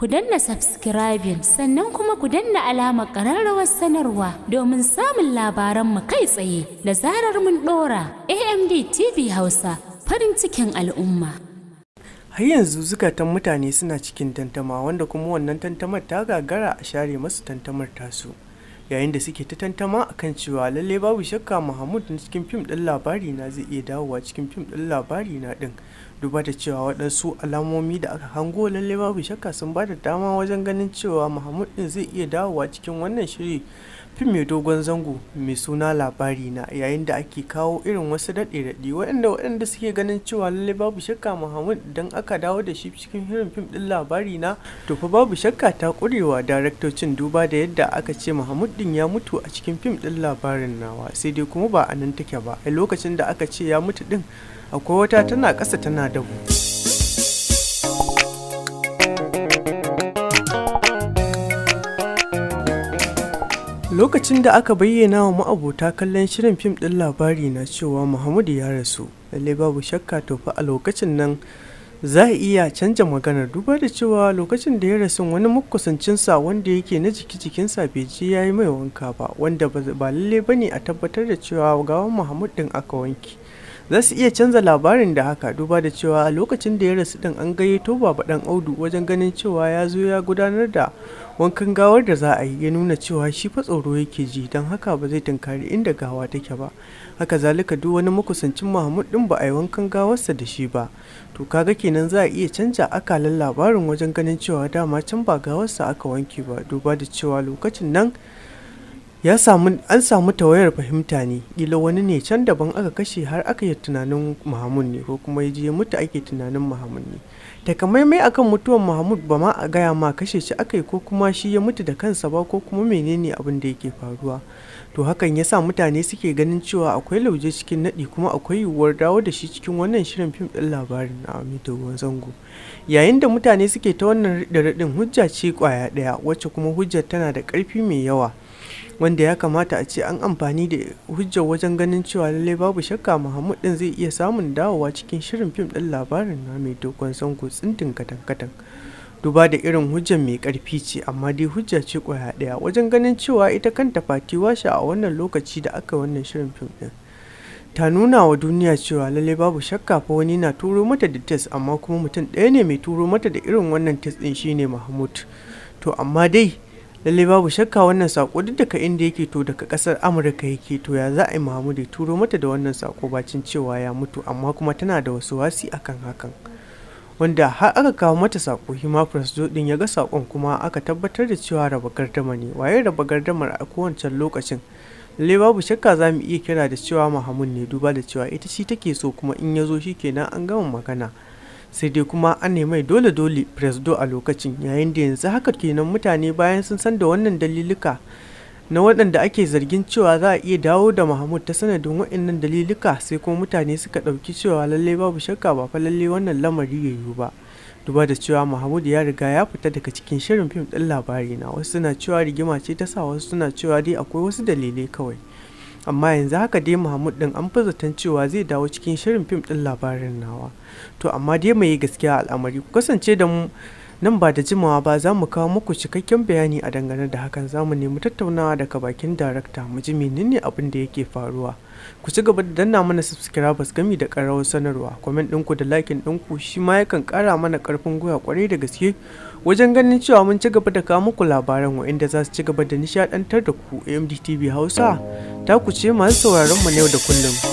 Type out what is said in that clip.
ku danna subscribing sannan kuma ku danna alamar ƙararrawar sanarwa domin samun labaranmu kai tsaye da zarar mun ɗora amd tv hausa farin cikin al'umma har yanzu zukatan mutane suna cikin tantama wanda kuma wannan tantamar ta gagara a share masu tantamar tasu yayin da suke ta tantama akan cewa lalle babu shakka mahmud na cikin fim ɗin labari na zai iya dawowa cikin fim ɗin labari na din duba da cewa waɗansu alamomi da aka hango lalle babu shakka sun bada dama wajen ganin cewa mahmud ɗin zai iya dawowa cikin wannan shiri fim mai dogon zango mai suna labari na yayin da ake kawo irin wasu daɗe-daɗe waɗanda waɗanda suke ganin cewa lallai babu shakka muhammad idan aka dawo da shi cikin irin fim ɗin labari na to fa babu shakka ta ƙurewa daraktocin duba da yadda aka ce muhammad din ya mutu a cikin fim ɗin labarin nawa sai dai kuma ba a nan take ba a lokacin da aka ce ya mutu din, akwai wata tana ƙasa tana dabu. lokacin da aka bayyana wa ma'abota kallon shirin fim ɗin labari na cewa muhammadu ya rasu lallai babu shakka tofa a lokacin nan za a iya canja magana. duba da cewa lokacin da ya rasu wani makusancinsa wanda yake na jiki jikinsa bai je ya yi mai wanka ba wanda ba lalle ba ne a tabbatar da cewa gawan muhammadu din aka wanke za su iya canza labarin da haka duba da cewa a lokacin da ya rasu din an gayyato baba dan audu wajen ganin cewa ya zo ya gudanar da wankan gawar da za a yi ya nuna cewa shi fa tsoro yake ji don haka ba zai tunkari inda gawa take ba haka zalika duk wani makusancin mahmud din ba a yi wankan gawarsa da shi ba to kaga kenan za a iya canza akalan labarin wajen ganin cewa dama can ba gawarsa aka wanke ba duba da cewa lokacin nan ya samu an samu tawayar fahimta ne ƙila wani ne can daban aka kashe har aka yi tunanin muhammud ne ko kuma ya je mutu ake tunanin muhammud. ne takamaimai akan mutuwan mahamud ba ma a gaya ma kashe shi aka yi ko kuma shi ya mutu da kansa ba ko kuma menene abin da yake faruwa to hakan ya sa mutane suke ganin cewa akwai lauje cikin naɗi kuma akwai yiwuwar dawo da shi cikin wannan shirin fim ɗin labarin na amita ruwan zango yayin da mutane suke ta wannan raɗin hujja ce ƙwaya ɗaya wacce kuma hujjar tana da ƙarfi mai yawa wanda ya kamata a ce an amfani da hujjar wajen ganin cewa lallai babu shakka muhammad din zai iya samun dawowa cikin shirin fim din labarin na mai dogon zango tsintin katan-katan duba da irin hujjar mai karfi ce amma dai hujja ce kwaya daya wajen ganin cewa ita kanta fati washa a wannan lokaci da aka wannan shirin fim din ta nuna wa duniya cewa lallai babu shakka fa wani na turo mata da test amma kuma mutum ɗaya ne mai turo mata da irin wannan test din shine mahmud to amma dai lalle babu shakka wannan sako duk daga inda yake to daga kasar amurka yake to ya za a yi muhammadu ya turo mata da wannan sako bacin cewa ya mutu amma kuma tana da wasu wasi akan hakan wanda har aka kawo mata sako hima press ɗin ya ga sakon kuma aka tabbatar da cewa raba gardama ne waye raba gardamar a kowace lokacin lalle babu shakka za mu iya kira da cewa mahamud ne duba da cewa ita shi take so kuma in ya zo shi kenan an gama magana sai dai kuma an mai dole dole presdo a lokacin yayin da yanzu haka kenan mutane bayan sun san da wannan dalilika na waɗanda ake zargin cewa za a iya dawo da mahmud ta sanadin waɗannan dalilika sai kuma mutane suka ɗauki cewa lallai babu shakka ba fa lallai wannan lamari ya yiwu ba duba da cewa mahmud ya riga ya fita daga cikin shirin fim ɗin labari na wasu suna cewa rigima ce ta sa wasu suna cewa dai akwai wasu dalilai kawai amma yanzu haka dai mahmud din an fi zaton cewa zai dawo cikin shirin fim din labarin nawa to amma dai mai gaskiya al'amari ku kasance da mu nan ba da jimawa ba za mu kawo muku cikakken bayani a dangane da hakan za mu nemi tattaunawa daga bakin darakta mu ji menene abin da yake faruwa ku ci gaba da danna mana subscribers gami da karawar sanarwa comment ɗinku da lakin ɗinku shi ma yakan ƙara mana ƙarfin gwiwa kwarai da gaske wajen ganin cewa mun ci gaba da kawo muku labaran waɗanda za su ci gaba da nishaɗantar da ku AMD TV Hausa ta ku ce masu sauraron mu na yau da kullum